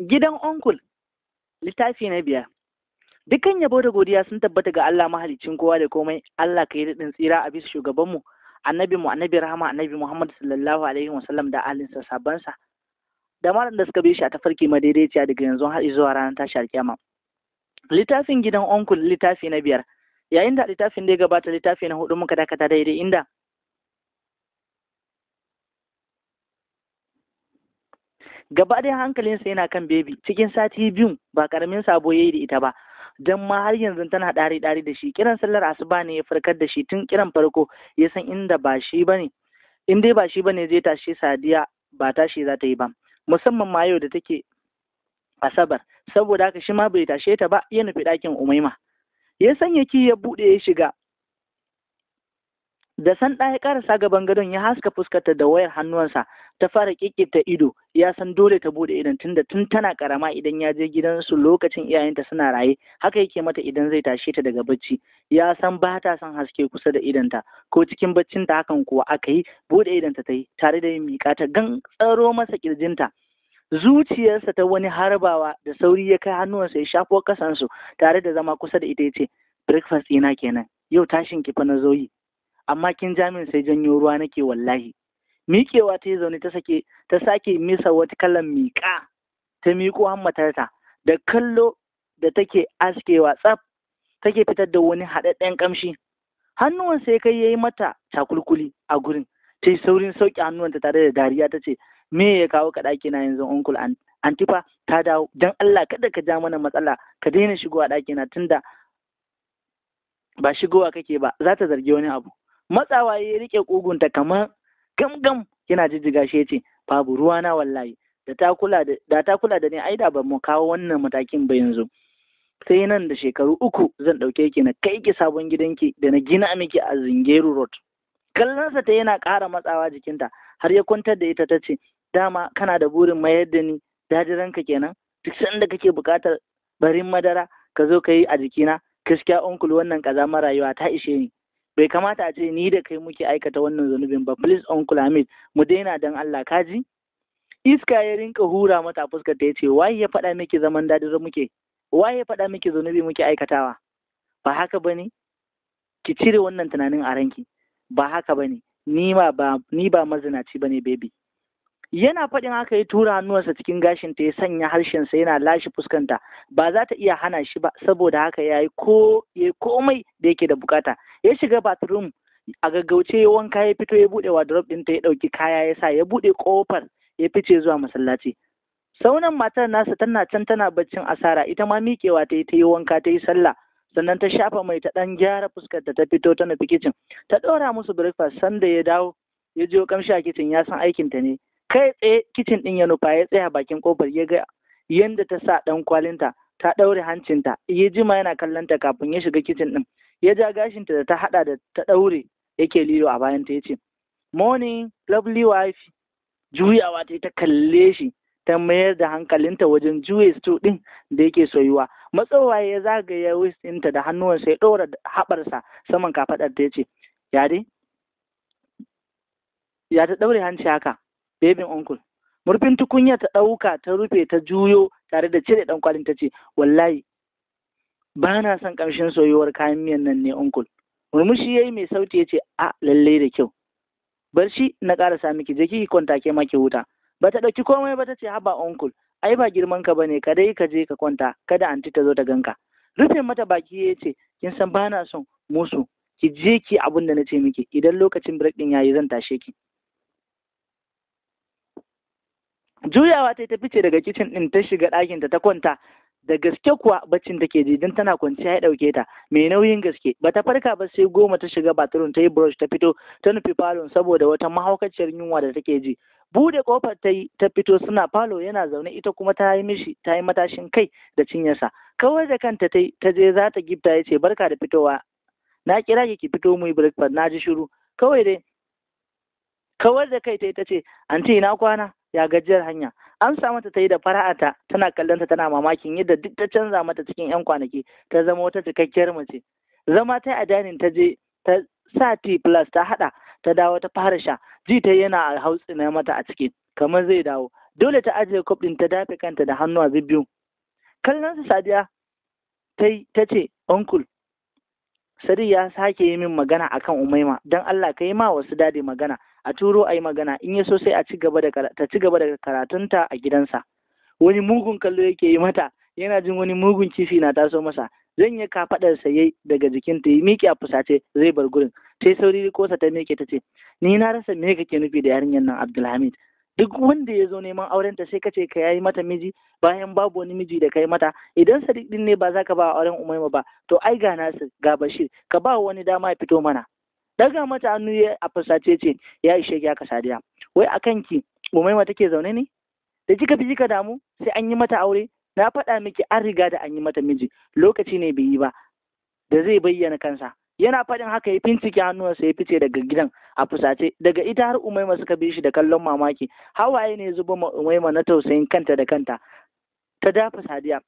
Gidan onkul littafi na biyar. dukkan yabo da godiya sun tabbata ga Allah mahalicin kowa da komai, Allah ka yi daɗin tsira a bisa shugabanmu, annabi mu annabi rahama annabi Muhammad sallallahu alaihi wasallam da alinsa sabansa. Da malam da suka bi shi a tafarki madaidaiciya daga yanzu har zuwa ranar tashi alkiyama. Littafin gidan onkul littafi na biyar. Yayin da littafin da ya gabata littafi na hudu muka dakata daidai inda gaba ɗaya hankalinsa yana kan bebi cikin sati biyu ba karamin sabo ya yi da ita ba dan ma har yanzu tana ɗari ɗari da shi kiran sallar asuba ne ya farkar da shi tun kiran farko ya san inda ba shi bane in dai ba shi bane zai tashi sadiya ba tashi za ta yi ba musamman ma yau da take asabar saboda haka shi ma bai tashe ta ba ya nufi ɗakin umaima ya sanya ki ya buɗe ya shiga da san ɗaya ƙarasa gaban gadon ya haska fuskarta da wayar hannuwansa ta fara ƙiƙita ido ya san dole ta bude idan tunda tun tana karama idan ya je gidansu lokacin iyayenta suna raye haka yake mata idan zai tashe ta daga bacci ya san ba ta son haske kusa da idanta ko cikin baccinta hakan kuwa aka yi bude idanta ta yi tare da yin miƙa ta gan tsaro masa ƙirjinta zuciyarsa ta wani harbawa da sauri ya kai hannuwansa ya shafo kasansu tare da zama kusa da ita ya ce breakfast ina kenan yau tashin ki na zoyi. amma kin ja min sai janyo ruwa nake wallahi miƙewa ta yi zaune ta sake ta sake misa wata kalan miƙa ta miƙo hammatarta da kallo da take askewa tsaf take fitar da wani haɗaɗɗen ƙamshi hannuwan sai kai yayi mata cakulkuli a gurin ta yi saurin sauƙi hannuwanta tare da dariya ta ce me ya kawo ka ɗaki na yanzu uncle antifa ta dawo dan Allah kada ka ja mana matsala ka daina shigowa ɗaki na tunda ba shigowa kake ba za ta zargi wani abu matsawa ya rike kugunta kamar gamgam yana jijjiga shi yace babu ruwa na wallahi da ta kula da ni ai da ban mu kawo wannan matakin ba yanzu sai nan da shekaru uku zan ɗauke ki na kai ki sabon gidanki da na gina miki a Zingeru Road kallonsa ta yana ƙara matsawa jikinta har ya kwantar da ita ta ce dama kana da burin mayar da ni dajiranka kenan duk sanda kake buƙatar barin madara ka zo ka yi a jikina gaskiya onkul wannan kaza rayuwa ta ishe ni bai kamata a ce ni da kai muke aikata wannan zunubin ba please uncle Hamid mu daina dan Allah kaji iska ya rinka hura mata fuskar ta yace wai ya faɗa miki zaman dadi muke wai ya faɗa miki zunubi muke aikatawa ba haka bane ki cire wannan tunanin a ranki ba haka bane ni ma ba ni ba mazinaci bane baby yana faɗin haka ya tura hannuwansa cikin gashin ta ya sanya harshensa yana lashe fuskanta ba za ta iya hana shi ba saboda haka ya yi ko ya komai da yake da bukata ya shiga bathroom a gaggauce ya wanka ya fito ya buɗe wardrobe ɗin ta ya ɗauki kaya ya sa ya buɗe kofar ya fice zuwa masallaci saunan matar nasa tana can tana baccin asara ita ma miƙewa ta yi ta yi wanka ta yi sallah sannan ta shafa mai ta ɗan gyara fuskar ta fito ta nufi kicin ta ɗora musu breakfast sanda ya dawo ya je kamshi a kicin ya san aikinta ne kai tsaye kicin ɗin ya nufa ya tsaya bakin kofar ya ga yadda ta sa ɗan kwalinta ta ɗaure hancinta ya jima yana kallon ta kafin ya shiga kicin ɗin ya ja gashinta da ta haɗa da ta ɗaure yake lilo a bayan ta yace morning lovely wife juyawa ta ta kalle shi ta mayar da hankalinta wajen juya sto ɗin da yake soyuwa matsowa ya zagaya wis ɗinta da hannuwansa ya ɗora haɓarsa saman kafaɗar ta yace ya dai ya ta ɗaure hanci haka bebin onkul murfin tukunya ta ɗauka ta rufe ta juyo tare da cire ɗan kwalin ta ce wallahi ba na son ƙamshin soyuwar kayan miyan nan ne onkul murmushi ya yi mai sauti ya ce a lallai da kyau bar shi na ƙarasa miki je ki kwanta ke ma ki huta ba ta ɗauki komai ba ta ce haba onkul ai ba girman ka bane ka dai ka je ka kwanta kada anti ta zo ta ganka rufe mata baki ya ce kin san ba na son musu ki je ki abin da na ce miki idan lokacin break din yayi zan tashe ki juyawa ta yi ta fice daga kicin ɗin ta shiga ɗakinta ta kwanta da gaske kuwa baccin take ji don tana kwanciya ya ɗauke ta mai nauyin gaske bata farka ba sai goma ta shiga bathroom ta yi brush ta fito ta nufi falon saboda wata mahaukaciyar yunwa da take ji bude kofar ta yi ta fito suna falo yana zaune ita kuma ta yi mishi ta yi matashin kai da cinyarsa kawai da kanta ta ta je za ta gifta ya ce barka da fitowa na kira ki ki fito mu yi breakfast na ji shiru kawai dai kawar da kai ta yi ta ce anti ina kwana ya gajiyar hanya amsa mata ta yi da fara'ata tana kallonta tana mamakin yadda duk ta canza mata cikin yan kwanaki ta zama wata cikakkiyar mace zama ta a danin ta je ta sa t plus ta haɗa ta dawo ta fara sha ji ta yana a hautsi na mata a ciki kamar zai dawo dole ta ajiye kwaf ɗin ta dafe kanta da hannu a biyu kallon su sadiya ta ce uncle sadiya ya sake yi min magana akan umaima don allah ka yi ma wasu dade magana a turo a yi magana in ya so sai a ci da ta ci gaba da karatunta a gidansa wani mugun kallo yake yi mata yana jin wani mugun kifi na taso masa zan yi kafaɗarsa yayi daga jikinta ya miƙe a fusace zai bar gurin sai sauri kosa ta miƙe ta ce ni na rasa me kake nufi da yarinyar nan Abdulhamid duk wanda ya zo neman aurenta sai kace ka yi mata miji bayan babu wani miji da kai mata idan sadiq din ne ba za ka ba auren umaima ba to ai ga nasir ga bashir ka ba wani dama ya fito mana daga mata hannu ya a fasace ce ya ishe ki haka sadiya wai a kanki umaima take zaune ne da kika fi kika damu sai an yi mata aure na faɗa miki an riga da an yi mata miji lokaci ne bai yi ba da zai bayyana kansa yana faɗin haka ya fincike hannuwansa ya fice daga gidan a fusace daga ita har umaima suka bi shi da kallon mamaki hawaye ne zuba ma umaima na tausayin kanta da kanta ta dafa sadiya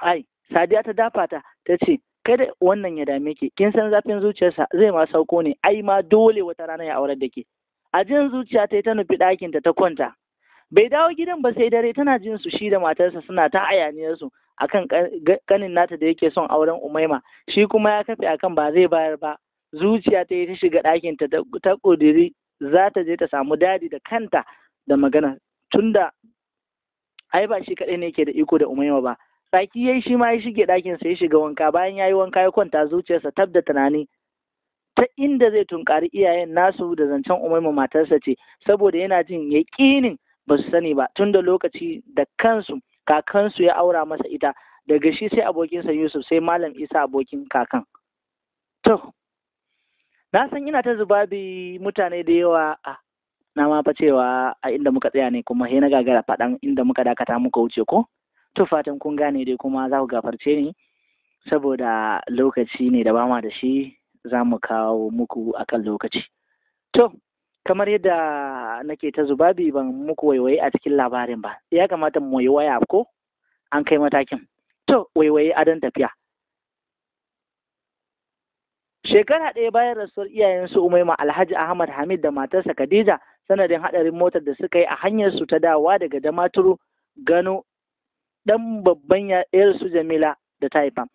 ai sadiya ta dafa ta ta ce kada wannan ya dame ki kin san zafin zuciyarsa zai ma sauko ne ai ma dole wata rana ya aurar da ke a jin zuciya ta ta nufi ɗakin ta ta kwanta bai dawo gidan ba sai dare tana jin su shi da matarsa suna ta hayaniyar su akan kanin nata da yake son auren umaima shi kuma ya kafe akan ba zai bayar ba zuciya ta yi ta shiga ɗakin ta ta ƙudiri za ta je ta samu dadi da kanta da magana tunda ai ba shi kaɗai ne ke da iko da umaima ba tsaki yayi shi ma ya shige ɗakin sa ya shiga wanka bayan yayi wanka ya kwanta zuciyarsa tab da tunani ta inda zai tunkari iyayen nasu da zancen umarmu matarsa ce saboda yana jin yaƙinin ba su sani ba Tunda da lokaci da kansu kakansu ya aura masa ita daga shi sai abokinsa yusuf sai malam isa abokin kakan to na san ina ta zubabi mutane da yawa a na ma fa cewa a inda muka tsaya ne kuma sai na gagara faɗan inda muka dakata muka wuce ko to fatan kun gane dai kuma za ku gafarce ni saboda lokaci ne da bama da shi za mu kawo muku akan lokaci to kamar yadda nake ta zubabi ban muku waiwaye a cikin labarin ba ya kamata mu yi waya ko an kai matakin to waiwaye adon tafiya shekara ɗaya bayan rasuwar iyayensu umaima alhaji ahmad hamid da matarsa khadija sanadin haɗarin motar da suka yi a hanyar su ta dawa daga damaturu gano ɗan babban yarsu Jamila da Taifa.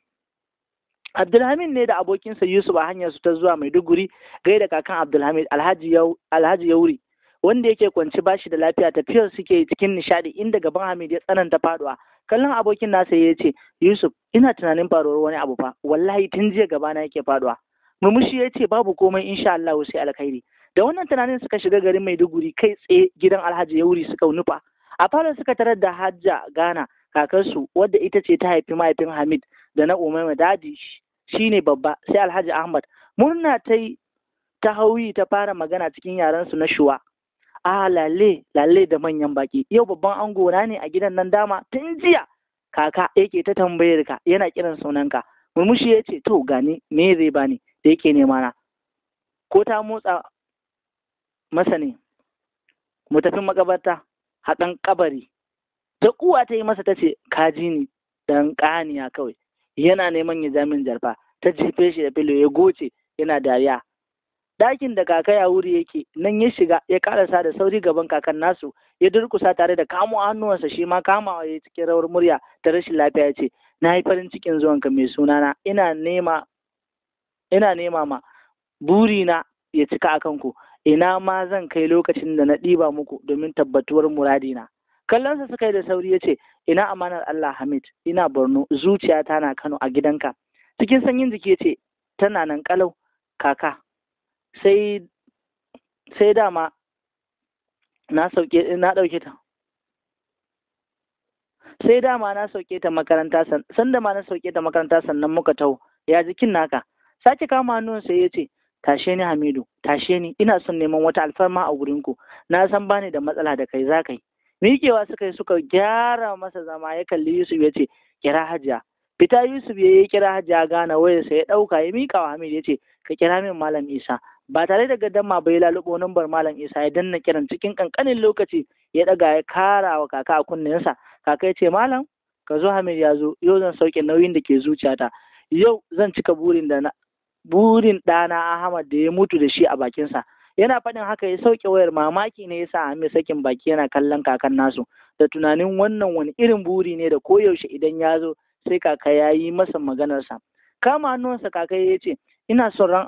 Abdulhamid ne da abokinsa Yusuf a hanyar su ta zuwa Maiduguri gai da kakan Abdulhamid Alhaji Yauri wanda yake kwance bashi da lafiya tafiyar suke cikin nishaɗi, inda gaban Hamid ya tsananta faduwa kallon abokin nasa ya ce Yusuf ina tunanin faruwar wani abu fa wallahi tun jiya gabana yake faduwa murmushi ya ce babu komai insha Allah sai alkhairi da wannan tunanin suka shiga garin Maiduguri kai tsaye gidan Alhaji Yauri suka nufa a falon suka tarar da Hajja Ghana kakarsu wadda ita ce ta haifi mahaifin Hamid da na Umaima dadi ne babba sai Alhaji Ahmad murna ta yi ta hauyi ta fara magana cikin yarensu na shuwa a lalle lalle da manyan baki yau babban ango ne a gidan nan dama tun jiya kaka yake ta tambayar ka yana kiran sunanka murmushi ya ce to gani me zai bani da yake nema na ko ta motsa masa ne mu tafi makabarta haƙan kabari da kuwa ta yi masa ta ce ka ji ni dan ƙaniya kawai yana neman ya jamin jarfa ta jefe shi da filo ya goce yana dariya ɗakin da kaka ya wuri yake nan ya shiga ya karasa da sauri gaban kakan nasu ya durkusa tare da kamo hannuwansa shi ma kamawa ya cikin rawar murya ta rashin lafiya ya ce na yi farin cikin zuwanka mai sunana ina nema ina nema ma burina ya cika akan ku ina ma zan kai lokacin da na ɗiba muku domin tabbatuwar muradina kallonsa suka yi da sauri ya ce ina amanar Allah Hamid ina Borno zuciyata na Kano a gidanka cikin sanyin jiki ya ce tana nan kalau kaka sai sai dama na sauke na dauke ta sai dama na sauke ta makaranta san da ma na sauke ta makaranta sannan muka tau ya jikin naka sake kama hannun sai ya ce tashe ni Hamidu tashe ni ina son neman wata alfarma a wurinku na san bani da matsala da kai za kai miƙewa suka yi suka gyara masa zama ya kalli Yusuf ya ce kira hajiya fita Yusuf ya yi kira hajiya gana wayarsa ya ɗauka ya miƙa wa Hamid ya ce ka kira min malam Isa ba tare da gadon ba ya lalubo nambar malam Isa ya danna kiran cikin kankanin lokaci ya ɗaga ya kara wa kaka a kunninsa kaka ya ce malam ka zo Hamid ya zo yau zan sauke nauyin da ke zuciyata yau zan cika burin da na burin ɗana Ahmad da ya mutu da shi a bakinsa yana faɗin haka ya sauke wayar mamaki ne yasa Amir sakin baki yana kallon kakan nasu da tunanin wannan wani irin buri ne da koyaushe idan ya zo sai kaka ya yi masa maganarsa kama hannunsa kaka ya ce ina son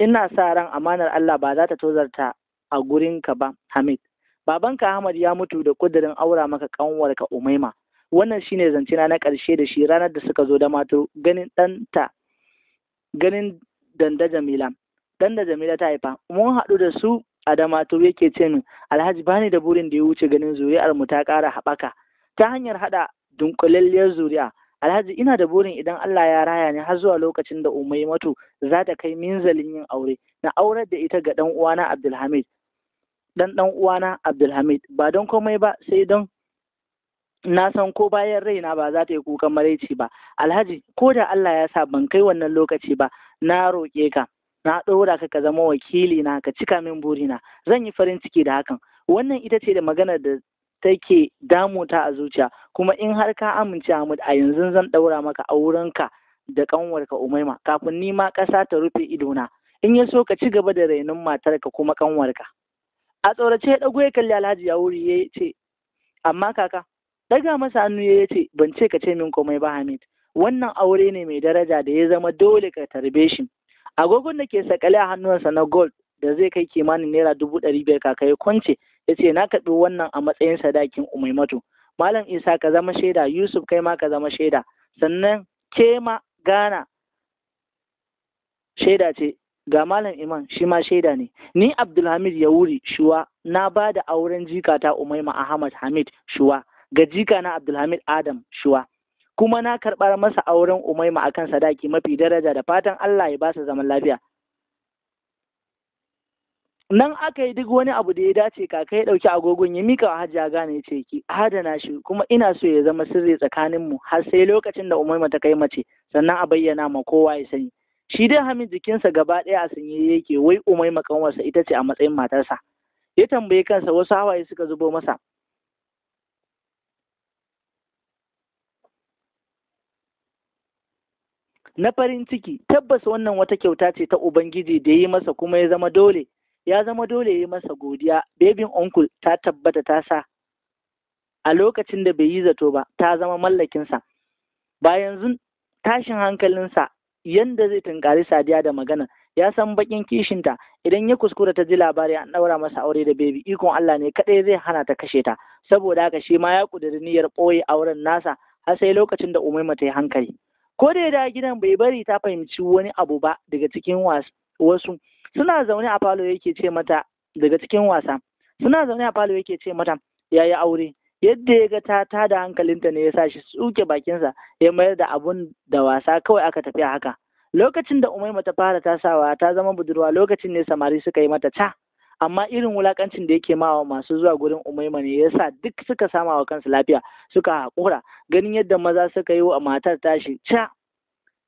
ina sa ran amanar Allah ba za ta tozarta a gurinka ba Hamid babanka Ahmad ya mutu da kudirin aura maka kanwarka Umaima wannan shine zancena na karshe da shi ranar da suka zo da mato ganin ɗanta ganin danda Jamila dan da Jamila ta haifa mun haɗu da su a Damaturu yake ce min Alhaji bani da burin da ya wuce ganin zuri'ar mu ta ƙara haɓaka ta hanyar haɗa dunkulalliyar zuri'a Alhaji ina da burin idan Allah ya raya ni har zuwa lokacin da mato za ta kai minzalin yin aure na aurar da ita ga dan uwana Abdulhamid dan dan uwana Abdulhamid ba don komai ba sai don na san ko bayan raina ba za ta yi kukan maraici ba alhaji ko da Allah ya sa ban kai wannan lokaci ba na roƙe ka na ɗora ka ka zama wakili na ka cika min burina zan yi farin ciki da hakan wannan ita ce da magana da take damuta a zuciya kuma in har ka amince Ahmad a yanzu zan ɗaura maka aurenka da ƙanwarka Umaima kafin ni ma ƙasa ta rufe idona in ya so ka ci gaba da rainon matarka kuma ƙanwarka a tsorace ya ɗago ya kalli Alhaji Yawuri ya ce amma kaka ɗaga masa hannu ya ce ban ce ka ce min komai ba Hamid wannan aure ne mai daraja da ya zama dole ka tarbe shi agogon da ke sakale a hannunsa na gold da zai kai kimanin naira dubu ɗari biyar kaka ya kwance ya ce na karɓi wannan a matsayin sadakin umaimatu malam isa ka zama shaida yusuf kai ma ka zama shaida sannan ke ma gana shaida ce ga malam iman shi ma shaida ne ni abdulhamid ya wuri shuwa na ba da auren jikata umaima ahmad hamid shuwa ga jika na abdulhamid adam shuwa kuma na karɓar masa auren umaima kan sadaki mafi daraja da fatan Allah ya ba su zaman lafiya nan aka yi duk wani abu da ya dace kaka ya ɗauki agogon ya mika wa hajiya gane ce ki adana shi kuma ina so ya zama sirri tsakanin mu har sai lokacin da umaima ta kai mace sannan a bayyana ma kowa ya sani shi dai hamid jikinsa gaba ɗaya a sanye yake wai umaima kanwarsa ita ce a matsayin matarsa ya tambayi kansa wasu hawaye suka zubo masa na farin ciki tabbas wannan wata kyauta ce ta ubangiji da ya yi masa kuma ya zama dole ya zama dole ya yi masa godiya babin uncle ta tabbata ta sa a lokacin da bai yi zato ba ta zama mallakinsa ba yanzu tashin hankalinsa yanda zai tunkari sadiya da magana ya san bakin kishinta idan ya kuskura ta ji labari an daura masa aure da bebi ikon Allah ne kaɗai zai hana ta kashe ta saboda haka shi ma ya kudiri niyyar boye auren nasa har sai lokacin da umaima ta yi hankali ko da gidan bai bari ta fahimci wani abu ba daga cikin wasu suna zaune a falo yake ce mata daga cikin wasa suna zaune a falo yake ce mata yayi aure yadda ya ga ta tada hankalinta ne ya sa shi tsuke bakinsa ya mayar da abun da wasa kawai aka tafi haka lokacin da umaima ta fara tasawa ta zama budurwa lokacin ne samari suka yi mata ca amma irin wulakancin da yake mawa masu zuwa gurin umaima ne yasa duk suka sama wa kansu lafiya suka haƙura ganin yadda maza suka yi wa matar tashi ca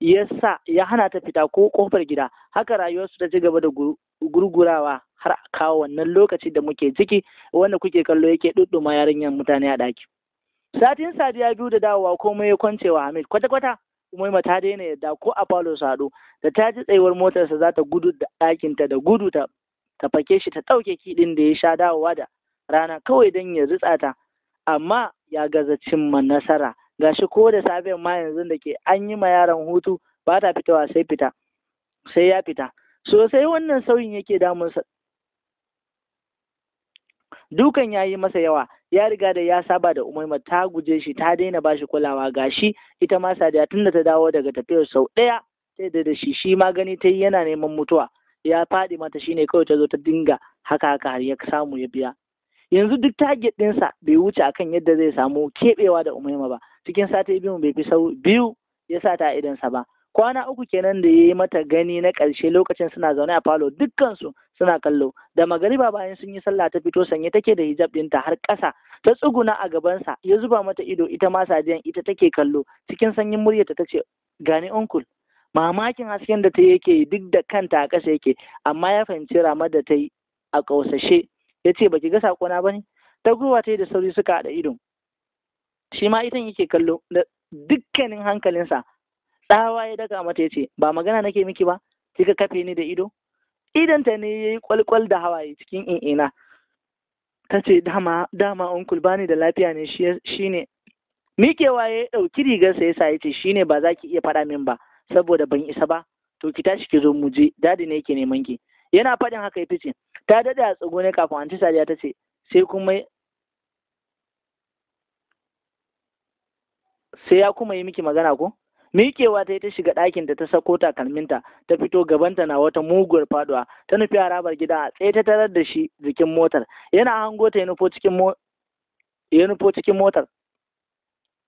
yasa ya hana ta fita ko kofar gida haka rayuwarsu ta ci gaba da gurgurawa har kawo wannan lokaci da muke ciki wanda kuke kallo yake ɗuɗɗuma yarinyar mutane a ɗaki satin sadiya biyu da dawowa komai ya kwance wa hamid kwata-kwata Umaima ta daina yadda ko a falo su da ta ji tsayuwar motarsa za ta gudu da ɗakinta da gudu ta ta fake shi ta ɗauke kiɗin da ya sha dawowa da rana kawai don ya ritsa ta amma ya gaza cimma nasara gashi ko da safe ma yanzu da ke an yi ma yaran hutu ba ta fitowa sai fita sai ya fita sosai wannan sauyin yake damunsa dukan ya yi masa yawa ya riga da ya saba da umaima ta guje shi ta daina bashi kulawa gashi ita ma sadiya tun da ta dawo daga tafiyar sau ɗaya sai da shi shi ma gani ta yi yana neman mutuwa ya faɗi mata shine kawai ta zo ta dinga haka haka har ya samu ya biya yanzu duk target ɗinsa bai wuce akan yadda zai samu keɓewa da umaima ba cikin sati biyu bai fi sau biyu ya sa ta idansa ba kwana uku kenan da ya yi mata gani na ƙarshe lokacin suna zaune a falo dukkansu suna kallo da magariba bayan sun yi sallah ta fito sanye take da hijab ɗinta har ƙasa ta tsuguna a gabansa ya zuba mata ido ita ma sadiyan ita take kallo cikin sanyin muryarta ta ce gani uncle mamakin hasken da ta yake duk da kanta a ƙasa yake amma ya fahimci rama da ta yi a ƙausashe ya ce baki ga sakona ba ne ta gurwa ta yi da sauri suka haɗa ido shi ma itan yake kallo da dukkanin hankalinsa tsawa ya daga mata ya ce ba magana nake miki ba kika kafe ni da ido ta ne ya yi kwalkwal da hawaye cikin in'ina ta ce dama dama onkul bani da lafiya ne shi ne mikewa ya ɗauki rigarsa ya sa ya ce shi ne ba za ki iya faɗa min ba saboda ban isa ba to ki tashi ki zo mu je dadi ne yake neman ki yana faɗin haka ya fice ta dade a tsugune kafin anti sadiya ta ce sai kuma sai ya kuma yi miki magana ko Mikewa ta yi ta shiga ɗakin ta ta sako takalminta ta fito gabanta na wata muguwar faduwa ta nufi harabar gida a tsaye ta tarar da shi jikin motar yana hango ta ya nufo cikin motar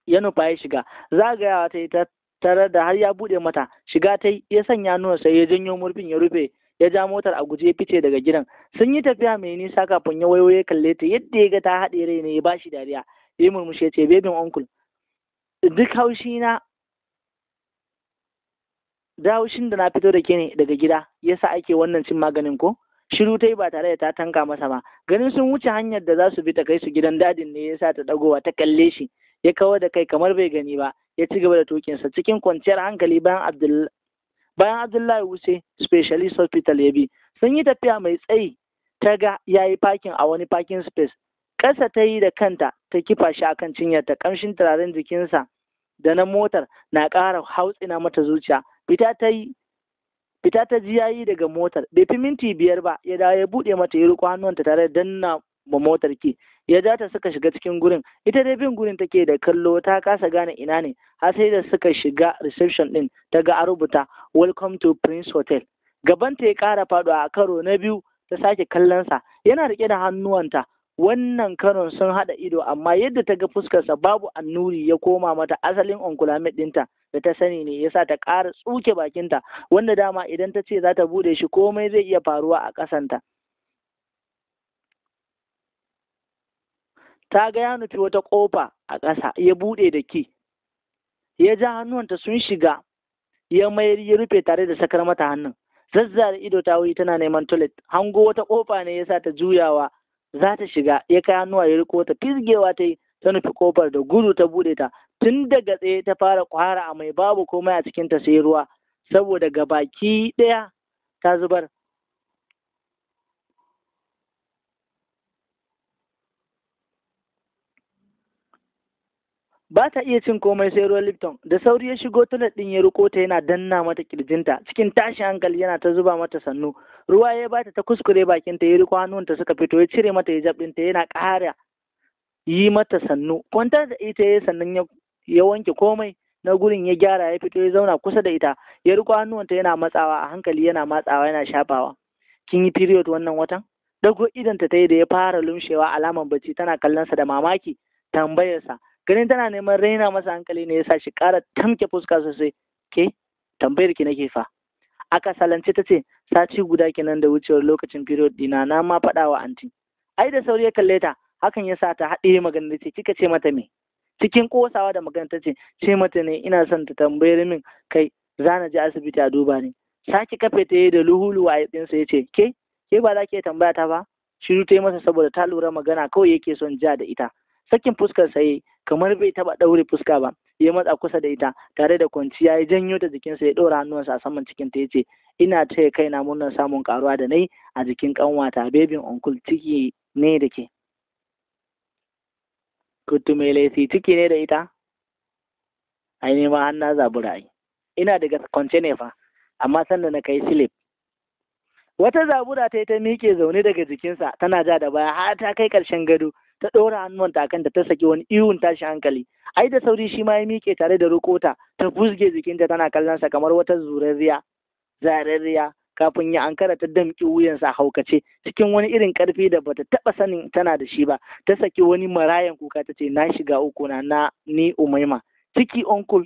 ya nufa ya shiga Za a gaya ta yi ta tare da har ya buɗe mata shiga ta ya sanya nuna sai ya janyo murfin ya rufe ya ja motar a guje fice daga gidan sun yi tafiya mai nisa kafin ya wayo ya kalle ta yadda ya ga ta haɗe rai ne ya bashi dariya ya murmushi ya ce bebin uncle duk haushi na haushin da na fito da ke ne daga gida ya yasa ake wannan cin maganin ko shiru ta yi ba tare da ta tanka masa ba ganin sun wuce hanyar da za su bi ta kai su gidan dadin ne ya sa ta dagowa ta kalle shi ya kawar da kai kamar bai gani ba ya ci gaba da tukinsa cikin kwanciyar hankali bayan abdullahi bayan abdullahi wuce specialist hospital ya bi sun yi tafiya mai tsayi ta ga ya yi parking a wani parking space ƙasa ta yi da kanta ta kifa shi a kan ta, ƙamshin turaren jikinsa da na motar na ƙara hautsina mata zuciya fita ta yi fita ta ji yayi daga motar bai fi minti biyar ba ya dawo ya buɗe mata ya riko hannuwanta tare da danna ma motar ki ya ja ta suka shiga cikin gurin ita dai bin gurin take da kallo ta kasa gane ina ne har sai da suka shiga reception din ta ga a rubuta welcome to prince hotel gaban ta ya kara fado a karo na biyu ta sake kallon sa yana rike da hannuwanta wannan karon sun haɗa ido amma yadda ta ga fuskarsa babu annuri ya koma mata asalin onkulamid ɗinta da ta sani ne yasa ta kara tsuke bakinta wanda dama idan ta ce za ta buɗe shi komai zai iya faruwa a kasanta ta ga ya nufi wata ƙofa a ƙasa ya buɗe da ki ya ja hannuwanta sun shiga ya mayar ya rufe tare da sakar mata hannun zazzare ido ta wuyi tana neman toilet hango wata ƙofa ne ya sa ta juyawa za ta shiga ya kai hannuwa ya riko ta fisgewa ta yi ta nufi ƙofar da gudu ta buɗe ta tun daga tsaye ta fara kwara a mai babu komai a cikinta sai ruwa saboda ga baki ɗaya ta zubar ba ta iya cin komai sai ruwan lipton da sauri ya shigo toilet din ya riko ta yana danna mata kirjinta cikin tashin hankali yana ta zuba mata sannu ruwa ya bata ta kuskure bakin ta ya riko ta suka fito ya cire mata hijab din ta yana ƙara yi mata sannu kwantar da ita ya sannan ya wanke komai na gurin ya gyara ya fito ya zauna kusa da ita ya riko ta yana matsawa a hankali yana matsawa yana shafawa kin yi period wannan watan dago idanta ta yi da ya fara lumshewa alaman bacci tana kallon sa da mamaki tambayarsa ganin tana neman raina masa hankali ne ya sa shi ƙara tamke fuska sosai ke tambayar ki nake fa aka salance ta ce sati guda kenan da wucewar lokacin period dina na ma faɗa wa anti ai da sauri ya kalle ta hakan ya sa ta haɗe magana ce kika ce mata me cikin kosawa da magana ta ce ce mata ne ina son ta tambayar min kai za na je asibiti a duba ni saki kafe ta yi da luhulu a yatsinsa ya ce ke ke ba za ki tambaya ta ba shiru ta yi masa saboda ta lura magana kawai yake son ja da ita sakin fuskar sai kamar bai taba ɗaure fuska ba ya matsa kusa da ita tare da kwanciya ya janyo ta jikinsa ya ɗora hannuwansa a saman cikin ta yace ina taya kaina murnar samun karuwa da nai a jikin kanwata bebin onkul ciki ne da ke kuttu mai laifi ciki ne da ita ai ne ma an na zabura ai ina daga kwance ne fa amma sanda na kai silip wata zabura ta yi ta miƙe zaune daga jikinsa tana ja da baya har ta kai ƙarshen gado ta ɗora hannuwanta takanta ta ta saki wani ihun tashi hankali ai da sauri shi ma ya miƙe tare da rukota ta fusge jikinta tana kallon sa kamar wata zurarriya zararriya kafin ya ankara ta damƙi wuyansa a haukace cikin wani irin ƙarfi da bata taɓa sanin tana da shi ba ta saki wani marayan kuka ta ce na shiga uku na na ni umaima ciki onkul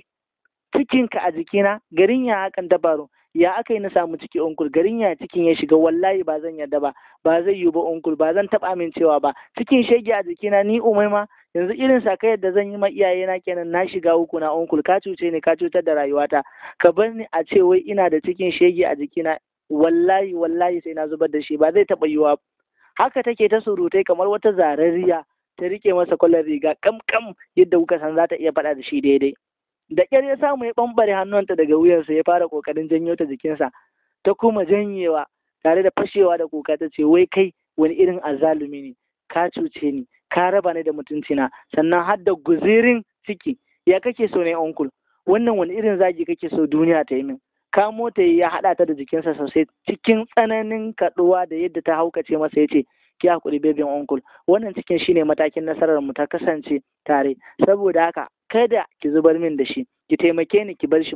cikinka a jikina garin ya hakan dabaru ya aka yi na samu ciki onkul garin ya cikin ya shiga wallahi ba zan yarda ba ba zai yiwu ba onkul ba zan taɓa amincewa ba cikin shege a jikina ni ma yanzu irin saka yadda zan yi ma iyayena kenan na shiga uku na onkul ka cuce ni ka cutar da rayuwata ka bar ni a ce wai ina da cikin shege a jikina wallahi wallahi sai na zubar da shi ba zai taɓa yiwa haka take ta surutai kamar wata zarariya ta rike masa kwallon riga kam kam yadda kuka san za ta iya faɗa da shi daidai da ƙyar ya samu ya ɓambare hannunta daga wuyansa ya fara ƙoƙarin janyo ta jikinsa ta kuma janyewa tare da fashewa da kuka ta ce wai kai wani irin azalumi ne ka cuce ni ka raba ni da mutuncina sannan har da guzirin ciki ya kake so ne onkul wannan wani irin zagi kake so duniya ta yi min ka mota yi ya haɗa ta da jikinsa sosai cikin tsananin kaɗuwa da yadda ta haukace masa ya ce ki hakuri bebin onkul wannan cikin shine matakin nasarar mu ta kasance tare saboda haka kada ki zubar min da shi ki taimake ni ki bar shi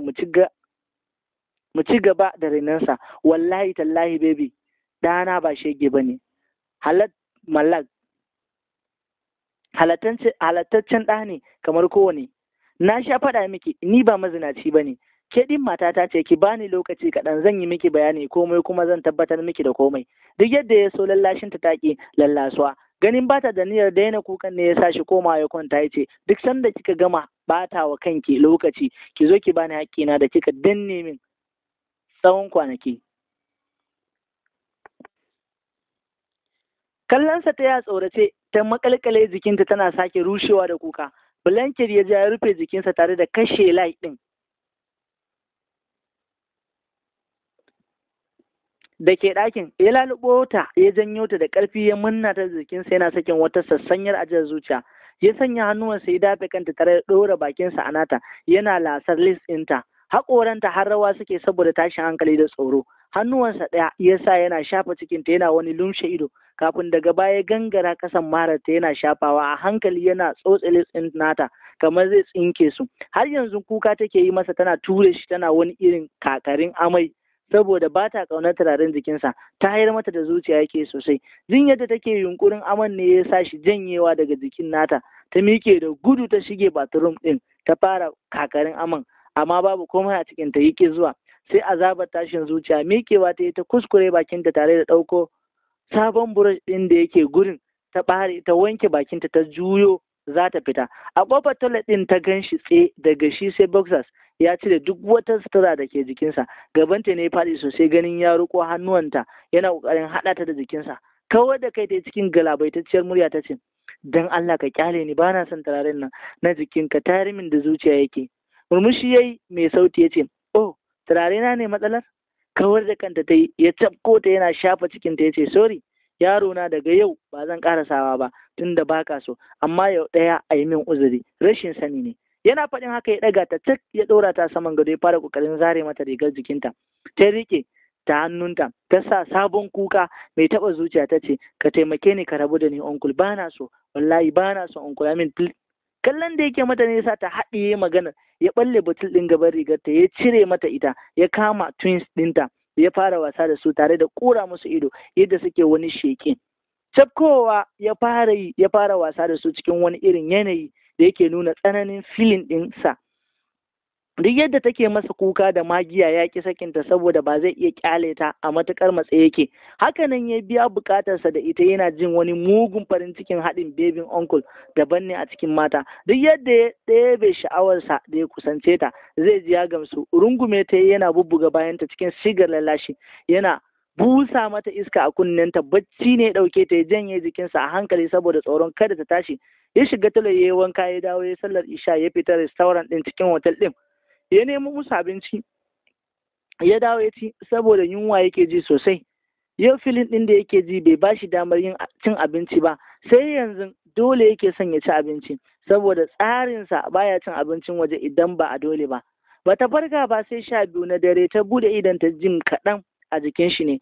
mu ci gaba da rainansa wallahi tallahi baby ɗana ba shege ba ne mallak halattaccen ɗa ne kamar kowane na sha faɗa miki ni ba mazinaci ba ne Kedin mata matata ce ki bani lokaci kaɗan zan yi miki bayani komai kuma zan tabbatar miki da komai duk yadda ya so lallashin ta taƙi lallasuwa ganin bata da niyyar daina kukan ne ya sa shi koma ya kwanta ya ce duk sanda kika gama bata wa kanki lokaci ki zo ki bani haƙƙina da kika danne min tsawon kwanaki kallonsa ta ya tsorace ta makalkale jikinta tana sake rushewa da kuka blanket ya ja ya rufe jikinsa tare da kashe light ɗin da ke ɗakin ya lalubo ta ya janyo ta da ƙarfi ya munna ta jikinsa yana sakin wata sassanyar ajiyar zuciya ya sanya hannuwansa ya dafe kanta tare da ɗora bakinsa a nata yana lasar list ɗinta haƙoranta har rawa suke saboda tashin hankali da tsoro hannuwansa ɗaya ya sa yana shafa cikin ta yana wani lumshe ido kafin daga baya gangara kasan ta yana shafawa a hankali yana tsotse list ɗin nata kamar zai tsinke su har yanzu kuka take yi masa tana ture shi tana wani irin kakarin amai saboda ba ta ƙaunar turaren jikinsa ta hayar mata da zuciya yake sosai jin yadda take yunkurin aman ne ya sa shi janyewa daga jikin nata ta miƙe da gudu ta shige bathroom ɗin ta fara kakarin aman amma babu komai a cikin ta yake zuwa sai azabar tashin zuciya miƙewa ta yi ta kuskure bakinta tare da ɗauko sabon burush ɗin da yake gurin ta ɓare ta wanke bakinta ta juyo za ta fita a ƙofar toilet ɗin ta ganshi shi daga shi sai boxers ya cire duk wata sutura da ke jikinsa gabanta ne ya faɗi sosai ganin ya riko hannuwanta yana ƙoƙarin haɗa ta da jikinsa kawar da kai ta yi cikin galabaitacciyar murya ta ce dan Allah ka kyale ni bana son turaren nan na jikinka tayar min da zuciya yake murmushi ya yi mai sauti ya ce, oh turare na ne matsalar kawar da kanta ta yi ya tabko ta yana shafa cikinta ta ce, sorry yaro na daga yau ba zan karasawa ba tunda baka so amma yau daya a yi min uzuri rashin sani ne yana faɗin haka ya ɗaga ta cik ya ɗora ta saman gado ya fara ƙoƙarin zare mata rigar jikinta ta riƙe ta hannunta ta sa sabon kuka mai taɓa zuciya ta ce ka taimake ni ka rabu da ni onkul ba na so wallahi ba na so onkul amin kallon da yake mata ne sa ta haɗiye maganar ya ɓalle batul ɗin gaban rigarta ya cire mata ita ya kama twins ɗinta ya fara wasa da su tare da ƙura musu ido yadda suke wani sheƙin cafkowa ya fara yi ya fara wasa da su cikin wani irin yanayi da yake nuna tsananin filin ɗinsa duk yadda take masa kuka da magiya ya ƙi sakinta saboda ba zai iya ƙyale ta a matuƙar matsa yake hakanan ya biya bukatarsa da ita yana jin wani mugun farin cikin haɗin bebin uncle daban ne a cikin mata duk yadda ya ɗebe sha'awarsa da ya kusance ta zai ji ya gamsu rungume ta yana bubbuga bayanta cikin sigar lalashi yana busa mata iska a kunnenta bacci ne ɗauke ta ya janye jikinsa a hankali saboda tsoron kada ta tashi ya shiga tala ya yi wanka ya dawo ya sallar isha ya fita restaurant din cikin hotel ɗin? ya nemo musu abinci ya dawo ya ci saboda yunwa yake ji sosai yau filin ɗin da yake ji bai bashi damar yin cin abinci ba sai yanzu dole yake son ya ci abinci saboda tsarinsa baya cin abincin waje idan ba a dole ba bata farka ba sai sha biyu na dare ta bude idan ta jin kaɗan a jikin shi ne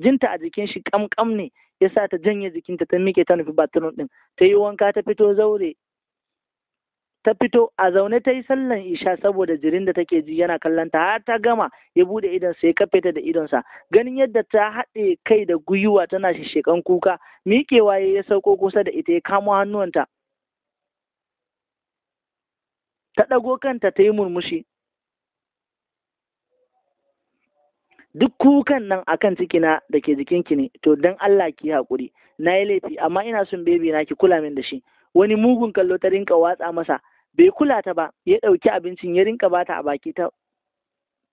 jinta a jikin shi kamkam ne ya sa ta janye jikinta ta miƙe ta nufi bathroom ɗin ta yi wanka ta fito zaure ta fito a zaune ta yi sallan isha saboda jirin da take ji yana kallon har ta gama ya bude idon ya kafe ta da idonsa ganin yadda ta haɗe kai da gwiwa tana shishekan kuka miƙewa ya sauko kusa da ita ya kamo hannuwanta ta ɗago kanta ta yi murmushi duk kukan nan a akan cikina da ke jikinki ne to dan Allah ki haƙuri na yi laifi amma ina son bebi na ki kula min da shi wani mugun kallo ta rinka watsa masa bai kula ta ba ya ɗauki abincin ya rinka bata a baki ta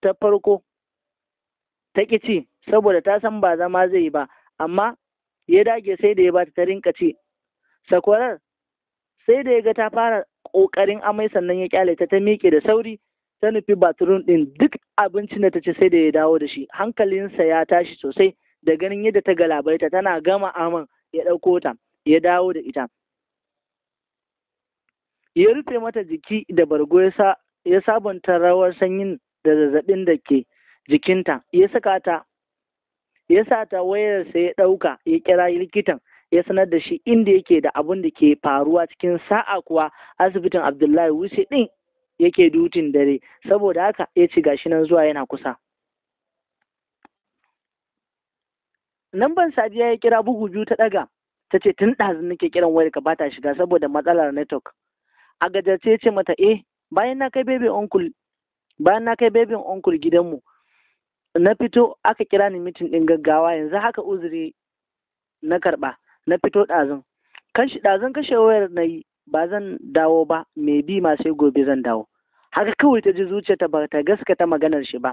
ta farko ta ce, saboda ta san ba zama zai yi ba amma ya dage sai da ya bata ta rinka ci sakwarar sai da ya ga ta fara ƙoƙarin amai sannan ya ƙyale ta ta miƙe da sauri ta nufi baturun ɗin duk abincin da ta ci sai da ya dawo da shi hankalinsa ya tashi sosai da ganin yadda ta galabaita tana gama aman ya ɗauko ta ya dawo da ita ya rufe mata jiki da bargo ya sabunta rawar sanyin da zazzabin da ke jikinta ya saka ta ya sa ta wayarsa ya ɗauka ya kira likitan ya sanar da shi inda yake da abin da ke faruwa cikin sa'a kuwa asibitin abdullahi wuse ɗin yake dutin dare saboda haka ya ci gashi nan zuwa yana kusa nan ban sadiya ya kira bugu biyu ta ɗaga ta ce tun ɗazin nake kiran wayar ka bata shiga saboda matsalar network a gajarce ya ce mata eh bayan na kai bebin onkul bayan na kai onkul gidanmu na fito aka kira ni mitin ɗin gaggawa yanzu haka uzuri na karɓa na fito ɗazin shi ɗazin kashe wayar na yi ba zan dawo ba me bi ma sai gobe zan dawo haka kawai ta ji zuciyarta ba ta gaskata maganar shi ba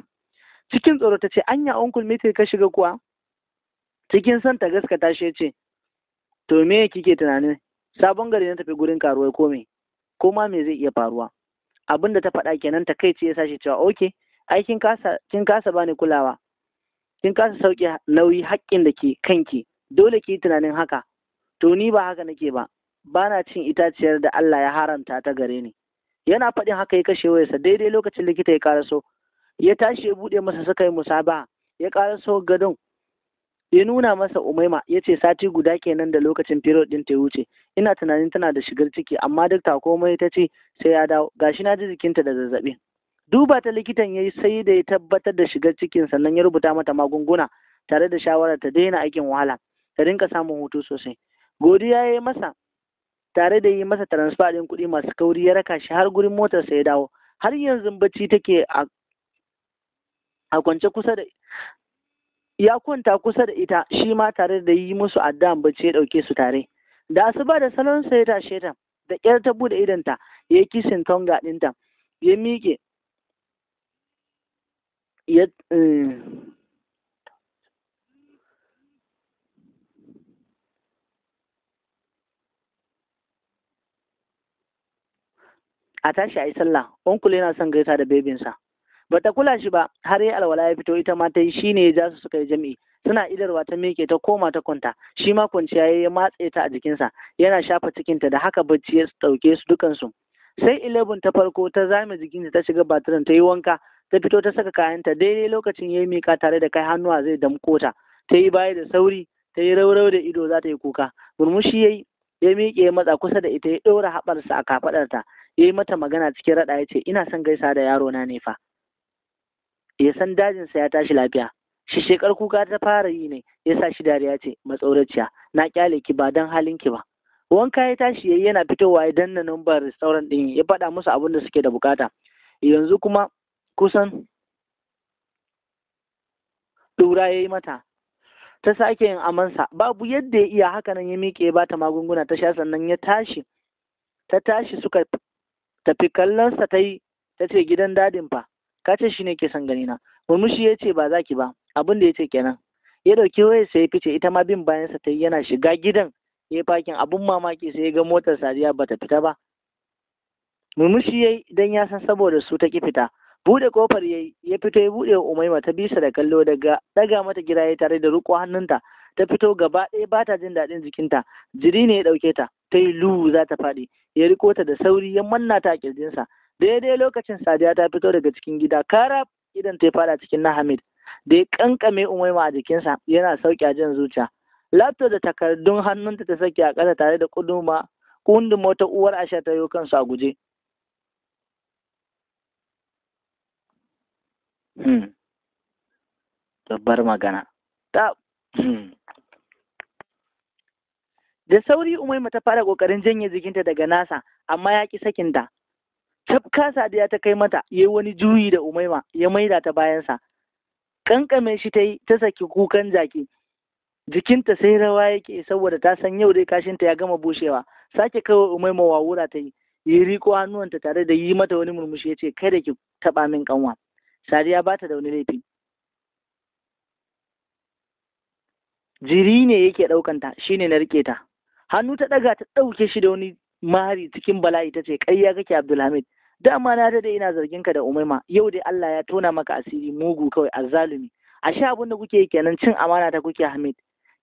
cikin tsoro ta ce anya uncle mitir ka shiga kuwa cikin son ta gaskata shi ce to me kike tunanin sabon gari na tafi gurin karuwa ko me ko ma me zai iya faruwa abin da ta faɗa kenan ta kai ce ya sashi cewa oke ai kin kasa kin kasa bani kulawa kin kasa sauke nauyi haƙƙin da ke kanki dole ki tunanin haka to ni ba haka nake ba ba na cin itaciyar da Allah ya haramta ta gare ni yana faɗin haka ya kashe wayarsa daidai lokacin likita ya ƙara so. ya tashi ya buɗe masa suka yi musaba ya ƙara so gadon ya nuna masa umaima ya ce sati guda kenan da lokacin period din ta wuce ina tunanin tana da shigar ciki amma duk ta komai ta ce sai ya dawo gashi na ji jikinta da zazzaɓi. duba ta likitan ya yi, sai da ya tabbatar da shigar cikin sannan ya rubuta mata magunguna tare da shawarar ta daina aikin wahala ta rinka samun hutu sosai godiya ya yi masa tare da yi masa transfer ɗin kuɗi masu kauri ya raka shi har gurin motarsa ya dawo har yanzu bacci take a kwance kusa da ya kwanta kusa da ita shi ma tare da yi musu addan bacci ya ɗauke su tare da asuba da sa ya tashe ta da ƙyar ta bude idonta ya yi kisin tonga ɗinta ya miƙe ya eh, a tashi a yi sallah onkul yana son gaisa da bebinsa Ba ta kula shi ba har yi alwala ya fito ita ma ta yi shi ne ya ja su suka yi jami'i. suna idarwa ta miƙe ta koma ta kwanta shi ma kwanciya ya matse ta a jikinsa yana shafa cikinta da haka bacci ya ɗauke su dukansu sai ilebun ta farko ta zame jikinta ta shiga batirin ta yi wanka ta fito ta saka kayanta daidai lokacin ya yi miƙa tare da kai hannuwa zai damƙo ta ta yi baya da sauri ta yi raurau da ido za ta yi kuka murmushi ya yi ya miƙe matsa kusa da ita ya ɗora haɓarsa a kafaɗarta ya yi mata magana cikin raɗa ya ce ina son gaisa da yaro na ne fa ya san dajinsa ya tashi lafiya shi shekar kuka ta fara yi ne ya sa shi dariya ce matsauraciya na kyale ki ba don halin ki ba wanka ya tashi yayi yana fitowa ya danna numbar restaurant din ya faɗa musu abin da suke da bukata yanzu kuma kusan ɗura ya yi mata ta sake yin amansa babu yadda ya iya haka nan ya miƙe ba ta magunguna ta sha sannan ya tashi ta tashi suka tafi kallon ta yi ta gidan dadin fa ka ce shi ne ke son ganina murmushi ya ce ba za ki ba abin da ya ce kenan ya ɗauki wayar sai ya fice ita ma bin bayansa ta yi yana shiga gidan ya yi fakin abin mamaki sai ya ga motar sadiya ba ta fita ba murmushi ya yi ya san saboda su ta ki fita buɗe kofar ya ya fito ya buɗe umaima ta bisa da kallo daga ɗaga mata gira ya tare da riko hannunta ta fito gaba ɗaya ba ta jin daɗin jikinta jiri ne ya ɗauke ta ta yi lu za ta faɗi ya riko ta da sauri ya manna ta a ƙirjinsa daidai lokacin sadiya ta fito daga cikin gida kara idan ta faɗa cikin na hamid da ya ƙanƙame umaima a jikinsa yana sauƙi a jin zuciya laptop da takardun hannunta ta sake a ƙasa tare da kuduma kundin mota uwar asha ta yi kansu a guje hmm. babbar magana ta hmm. da sauri umaima ta fara kokarin janye jikinta daga nasa amma ya ki sakinta tafka sadiya ta kai mata yayi wani juyi da umaima ya maida ta bayansa kankame shi ta yi ta saki kukan jaki jikinta sai rawa yake saboda ta san yau dai kashinta ya gama bushewa sake kawai umaima wawura ta yi yi riko hannuwanta tare da yi mata wani murmushi ya ce kada ki taɓa min kanwa sadiya ba ta da wani laifi jiri ne yake ɗaukanta shi ne na riƙe ta hannu ta ɗaga ta ɗauke shi da wani mahari cikin bala'i ta ce ƙarya kake abdulhamid dama na da ina zargin ka da umaima yau dai allah ya tona maka asiri mugu kawai azzalumi a sha abin da kuke kenan cin amana ta kuke hamid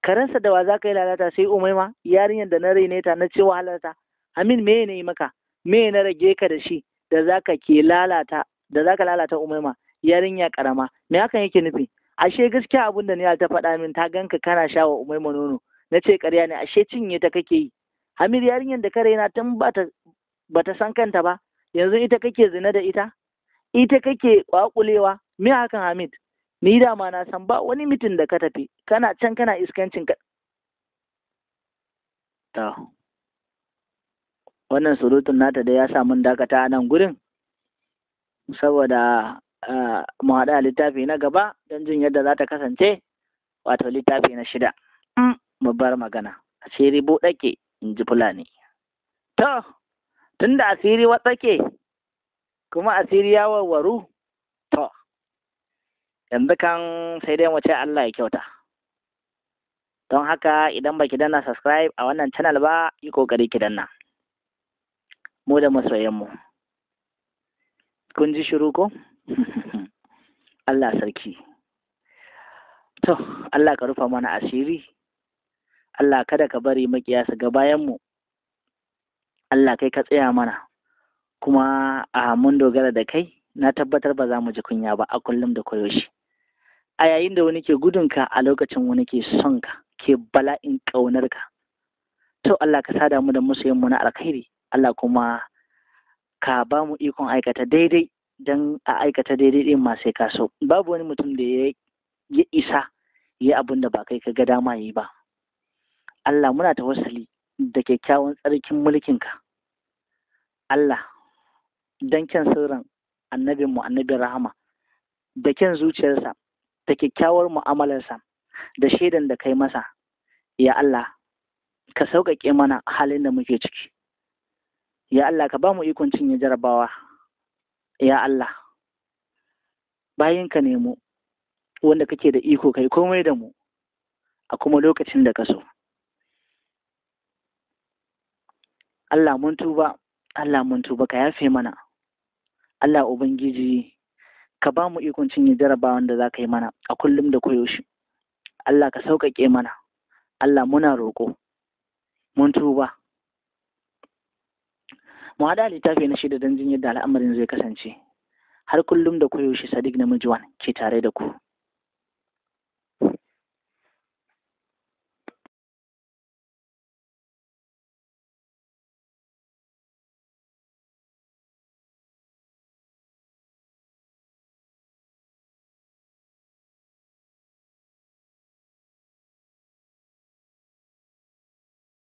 ka da wa za ka yi lalata sai umaima yarinyar da na raine ta na ce wahalarta amin me ne maka me na rage ka da shi da za ka ke lalata da za ka lalata umaima yarinya karama me hakan yake nufi ashe gaskiya abin da niyal ta faɗa min ta ganka kana sha wa umaima nono na ce ƙarya ne ashe cinye ta kake yi hamir yarinyar da ka raina tun ba ta san kanta ba yanzu ita kake zina da ita ita kake kwakulewa me hakan hamid ni da ma na san ba wani mitin da ka tafi kana can kana iskancin ka ta wannan surutun nata da ya sa mun dakata a nan gurin saboda eh, mu haɗa littafi na gaba don jin yadda za ta kasance wato littafi na shida mm. Mu bar magana asiri buɗake in ji fulani to tun da asiri watsake kuma asiri ya warwaru to yanzu kan sai dai wace Allah ya kyauta don haka idan baki danna subscribe a wannan channel ba yi kokari ki danna mu da masoyanmu kun ji shiru ko Allah sarki to Allah ka rufa mana asiri Allah kada ka bari makiya su ga bayanmu Allah kai ka tsaya mana kuma a mun dogara da kai na tabbatar ba za mu ji kunya ba a kullum da koyaushe a yayin da wani ke gudunka a lokacin wani ke son ka ke bala'in ƙaunarka to Allah ka sada mu da mu na alkhairi Allah kuma ka ba mu ikon aikata daidai don a aikata daidai ɗin ma ka so babu wani mutum da ya isa yi abin da ba kai ka ga dama yi ba Allah muna ta wasali da kyakkyawan tsarkin mulkinka Allah don kyan sauran annabinmu annabin rahama da kyan zuciyarsa da kyakkyawar mu'amalarsa da shaidan da kai masa ya Allah ka sauƙaƙe mana halin da muke ciki ya Allah ka ba mu ikon cinye jarabawa ya Allah bayan ka nemo wanda kake da iko kai komai da mu a kuma lokacin da ka so Allah mun tuba Allah mun tuba ka yafe mana Allah ubangiji ka ba mu ikon cinye jarabawan da za ka yi mana a kullum da koyaushe Allah ka sauƙaƙe mana Allah muna roƙo mun tuba mu haɗa littafi na shida don jin yadda al'amarin zai kasance har kullum da koyaushe sadiq namiji ke tare da ku